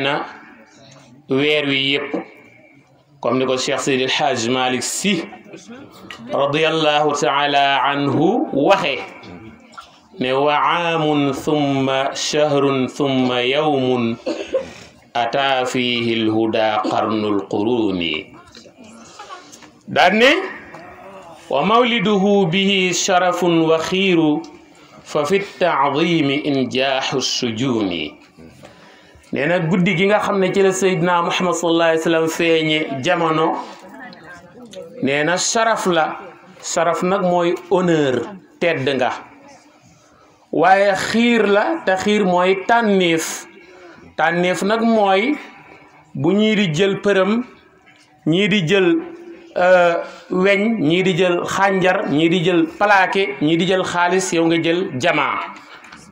na weer wi yëpp comme ni ko Cheikh Seydi El Hadj Malick Sy radiyallahu taala anhu waxe ne wa aamun thumma shahrun thumma yawmun ataa fihi lhuda qarnul quruni daanne wa mawliduhu bihi sharafun wa xiiru fa fi taadimi injaaxu sujuni nee na guddi gi nga xam ne ci la Seydina Muhammad sallallahu alayhi wa jamono nee na saraf la saraf nag mooy honneur tedd nga waaye xiir la te xiir mooy tànneef tànneef nag mooy bu ñii di jël përëm ñii di jël euh, weñ ñii di jël xànjar ñii di jël plaqué ñii di jël xaalis yow nga jël jamaa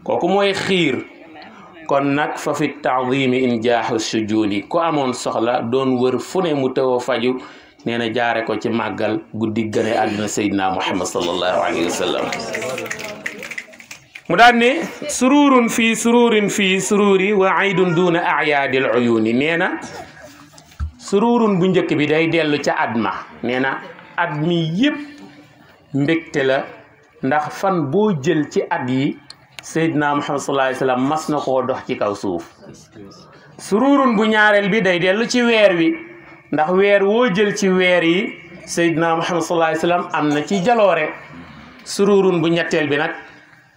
kooku mooy xiir kon nag fa fi taadimi in jaaxu sujudi amoon soxla doon wër fu ne mu tëw faju nee na jaare ko ci màggal guddi gëne àdduna sayyidina muhammad sallallahu alayhi wa sallam mu sururun fii sururi wa aydun duna ayaadil uyuni nee na sururun bu njëkk bi day dellu ci at ma nee na at mi yëpp la ndax fan boo jël ci at yi Seydina Muhammad sallallahu alayhi mas na ko dox ci kaw suuf sururun bu ñaareel bi day dellu ci weer wi ndax weer woo jël ci weer yi Seydina Muhammad sallallahu alayhi am na ci jaloore sururun bu ñetteel bi nag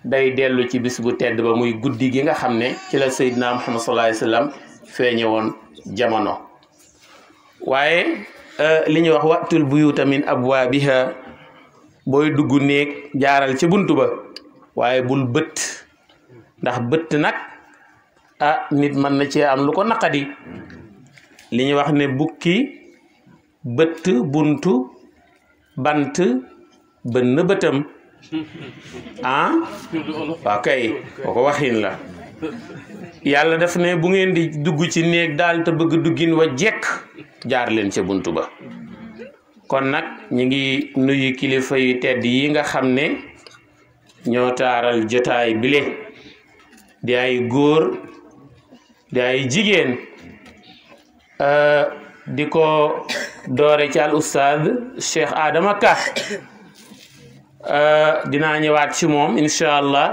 day dellu ci bis bu tedd ba muy guddi gi nga xam ne ci la Seydina Muhammad sallallahu alayhi wa feeñe woon jamono waaye euh, li ñuy wax wàttul buyuuta min abwaabiha booy dugg néeg jaaral ci buntu ba waaye bul bët ndax bët nag a ah, nit mën na cee am lu ko naqadi li ñuy wax ne bukki bët bunt bant bënn bëtam ah waaw kay ko waxin la yàlla daf ne bu ngeen di dugg ci néeg daal te bëgg duggin wa jekk jaar leen ca bunt ba kon nag ñu ngi nuyu kilifa yu tedd yi nga xam ne ñoo taaral jotaay bile di ay góor di ay jigéen euh, di ko doore ci al ustaad Cheikh Adama Ka euh, dinaa ñëwaat ci moom incha allah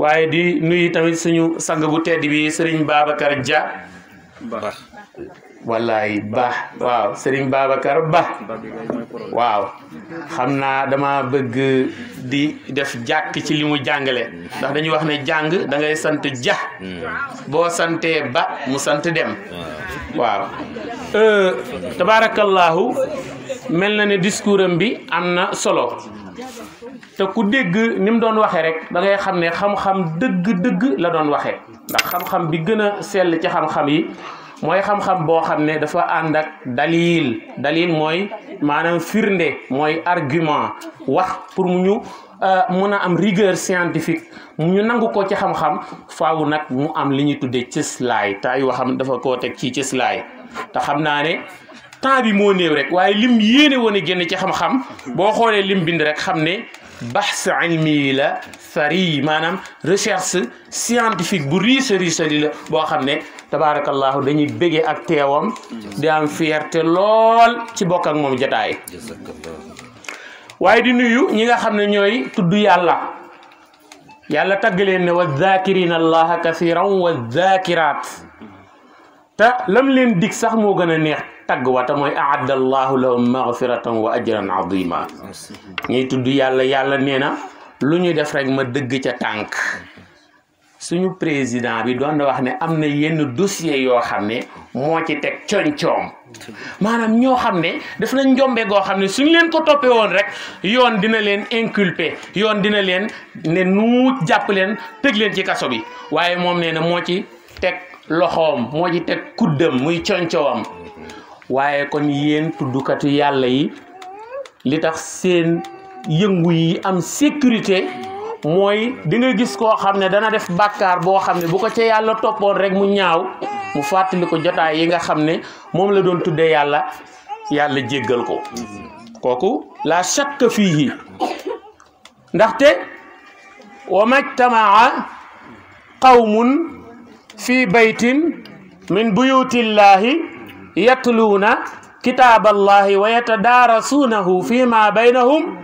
waaye di nuyu tamit suñu sang bu tedd bi Serigne Babacar Dia. wallaay ba waaw sëriñ Babacar Ba waaw xam naa dama bëgg di def jàkk ci li mu jàngale ndax dañuy wax ne jàng dangay sant ja boo santee ba mu sant dem waaw euh, tabaarakallaahu mel na ne discours am bi am na solo te ku dégg ni mu doon waxee rek dangay xam ne xam-xam dëgg-dëgg la doon waxee ndax xam-xam bi gën a sell ci xam-xam yi mooy xam-xam boo xam ne dafa ànd ak dalil mooy maanaam firnde mooy argument wax pour mu ñu euh, mun a am rigueur scientifique mu ñu nangu ko ci xam-xam faaw nag mu am li ñuy tuddee cëslaay te ay waxam dafa koo teg ci cëslaay te xam naa ne temps bi moo néew rek waaye lim yéene woon a génn ci xam-xam boo xoolee lim bind rek xam ne bahs ilmi la fari maanaam recherche scientifique bu riche riche la boo xam ne tabaarakallaahu dañuy béggee ak teewam di am fierté lool ci bokk ak moom jataay waaye di nuyu ñi nga xam ne ñooy tudd yàlla yàlla tagg leen ne wa zaakirina allaha kasiran wa zaakiraat te lam leen dig sax moo gën a neex tagg wata te mooy aadda allahu lahum magfiratan wa ajran azima ñuy tudd yàlla yàlla nee na lu ñu def rek ma dëgg ca tànk suñu président bi doon na wax ne am na yenn dossier yoo xam ne moo ci teg coñ maanaam ñoo xam ne def nañ njombe goo xam ne suñ leen ko toppee woon rek yoon dina leen inculpé yoon dina leen ne nu jàpp leen tëj leen ci kaso bi waaye moom nee na moo ci teg loxoom moo ci teg kuddam muy coñ waaye kon yéen tuddukatu yàlla yi li tax seen yëngu yi am sécurité mooy di nga gis koo xam ne dana def bàkkaar boo xam ne bu ko ca yàlla toppoon rek mu ñaaw mu fàttali ko jotaay yi nga xam ne moom la doon tuddee yàlla yàlla jéggal ko kooku la shakka fiihi ndaxte wa majtamaa qawmun fi baytin min buyutillahi yatluuna kitaaballahi wa yatadaarasuunahu fi ma baynahum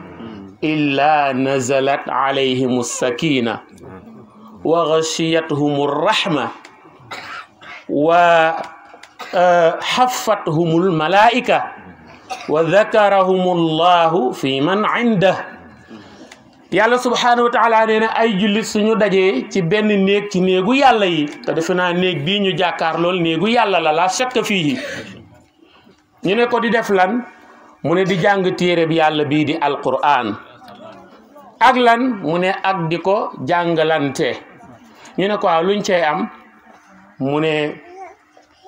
illaa nazalat alayhim sakina wa gashiyatuhum rahma wa xafathum almalaika wa dakarahum allahu fi man indah yàlla subhanahu wa taala nee na ay jullit suñu dajee ci benn néeg ci néegu yàlla yi te defe naa néeg bii ñu jàkkaar lool néegu yàlla la la shakka fii ñu ne ko di def lan mu ne di jàng téere bi yàlla bii di alquran ak lan mu ne ak di ko jàngalante ñu ne ko luñ cey am mu ne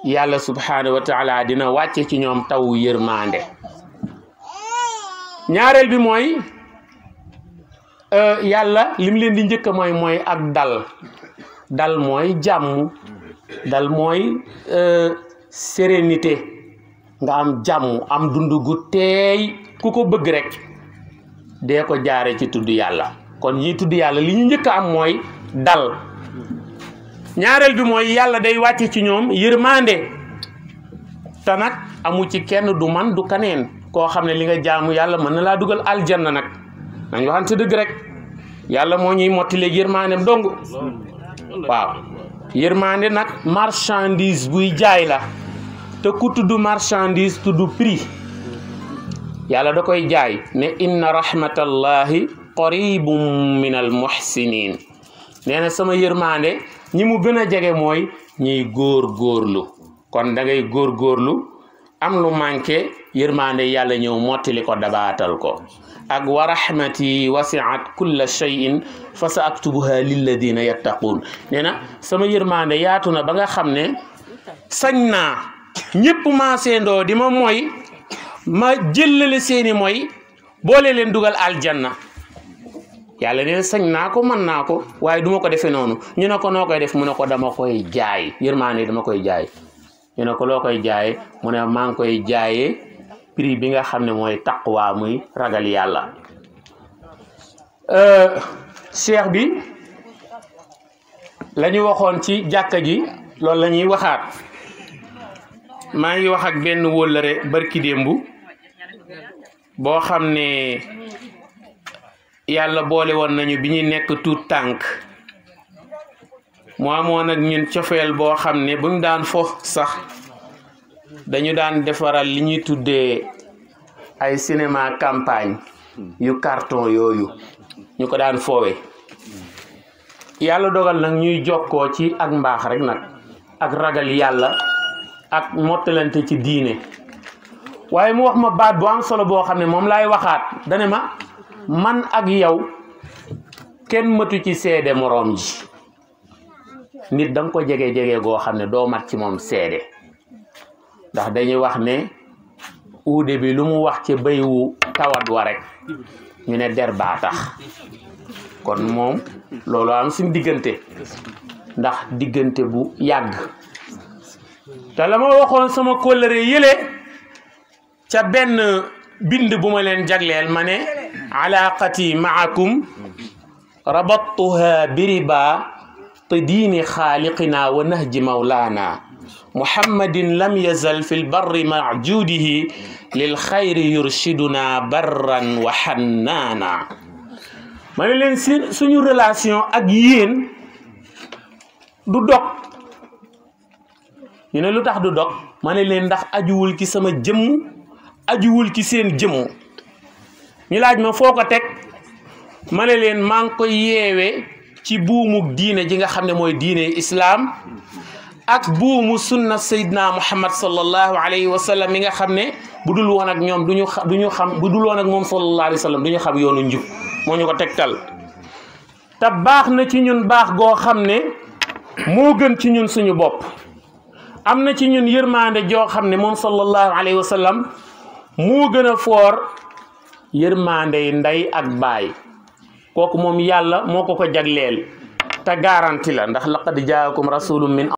yàlla subhanahu wa dina wàcce ci ñoom taw yërmande ñaareel bi mooy euh, yàlla lim leen di njëkk mooy mooy ak dal dal mooy jàmm dal mooy euh, sérénité nga am jàmm am dund teey ku ko bëgg rek dee ko jaare ci tudd yàlla kon yi tudd yàlla li ñu njëkk am mooy dal ñaareel bi mooy yàlla day wàcc ci ñoom yërmande te nag amu ci kenn du man du kaneen koo xam ne li nga jaamu yàlla mën na laa dugal aljanna nag nañ waxante dëgg rek yàlla moo ñuy mottileeg yërmandeem dong waaw yërmande nag marchandise buy jaay la te ku tudd marchandise tudd prix yàlla da koy jaay ne inna rahmatallahi qaribum min al muhsinin sama yërmande ñi mu gën a jege mooy ñiy góor góorlu kon da ngay góor góorlu am lu manqué yërmande yàlla ñëw mottali ko dabaatal ko ak wa rahmati wasiat kulla shay'in fa sa aktubuha lilladina yattaquun nee na sama yërmande yaatu na ba nga xam ne sañ naa ñëpp ma jëllale seeni mooy boole leen dugal aljan na yàlla neen sañ naa ko mën naa ko waaye duma ko defee noonu ñu ne ko noo koy def mu ne ko dama koy jaay yërmaane dama koy jaay ñu ne ko loo koy jaay mu ne maa ngi koy jaaye prix bi nga xam ne mooy taqwa muy ragal yàlla euh, cheikh bi lañuy waxoon ci jàkka ji loolu lañuy waxaat maa ngi wax benn wóllëre barki démbu boo xam ne yàlla boole woon nañu bi ñuy nekk tuut tànk mu amoon nag ñu cofeel boo xam ne buñ daan fo sax dañu daan defaral li ñuy tuddee ay cinéma campagne yu carton yooyu ñu ko daan foowe yàlla dogal nag ñuy jokkoo ci ak mbaax rek nag ak ragal yàlla ak mottalante ci diine waaye mu wax ma baat bu am solo boo xam ne moom laay waxaat dane ma man ak yow kenn matu ci seede moroom ji nit da ko jege jege goo xam ne doo mat ci moom seede ndax dañuy wax ne uude bi lu mu wax ci bay wu tawat wa rek ñu ne der baa tax kon moom loolu am suñ diggante ndax diggante bu yàgg te la ma waxoon sama kóllëre yële ca benn bind bu ma leen jagleel ma ne alaaqati maakum rabattuha biriba te diini xaaliqina wa nahji mawlaana muhammadin lam yazal fi lbarri majudihi lil xayri yurshiduna barran wa xannaana ma ne leen si suñu relation ak yéen du dog ñu ne lu tax du dog ma ne leen ndax ajuwul ci sama jëmm ajuwul ci seen jëmoo ñu laaj ma foo ko teg ma ne leen maa ngi ko yeewee ci buumu diine ji nga xam ne mooy diine islaam ak buumu sunna sayidna muhammad sallallahu alayhi wa sallam mi nga xam ne bu dul woon xam bu woon ak moom sallallahu alayhi wa sallam xam yoonu njub moo ñu ko teg tal te baax na ci ñun baax goo xam ne moo gën ci ñun suñu bopp am na ci ñun yërmaande joo xam ne moom sallallahu alayhi wa moo gën a foor yërmaandey ndey nday ak baay kooku moom yàlla moo ko ko jagleel te garanti la ndax laqad jaakum rasulun min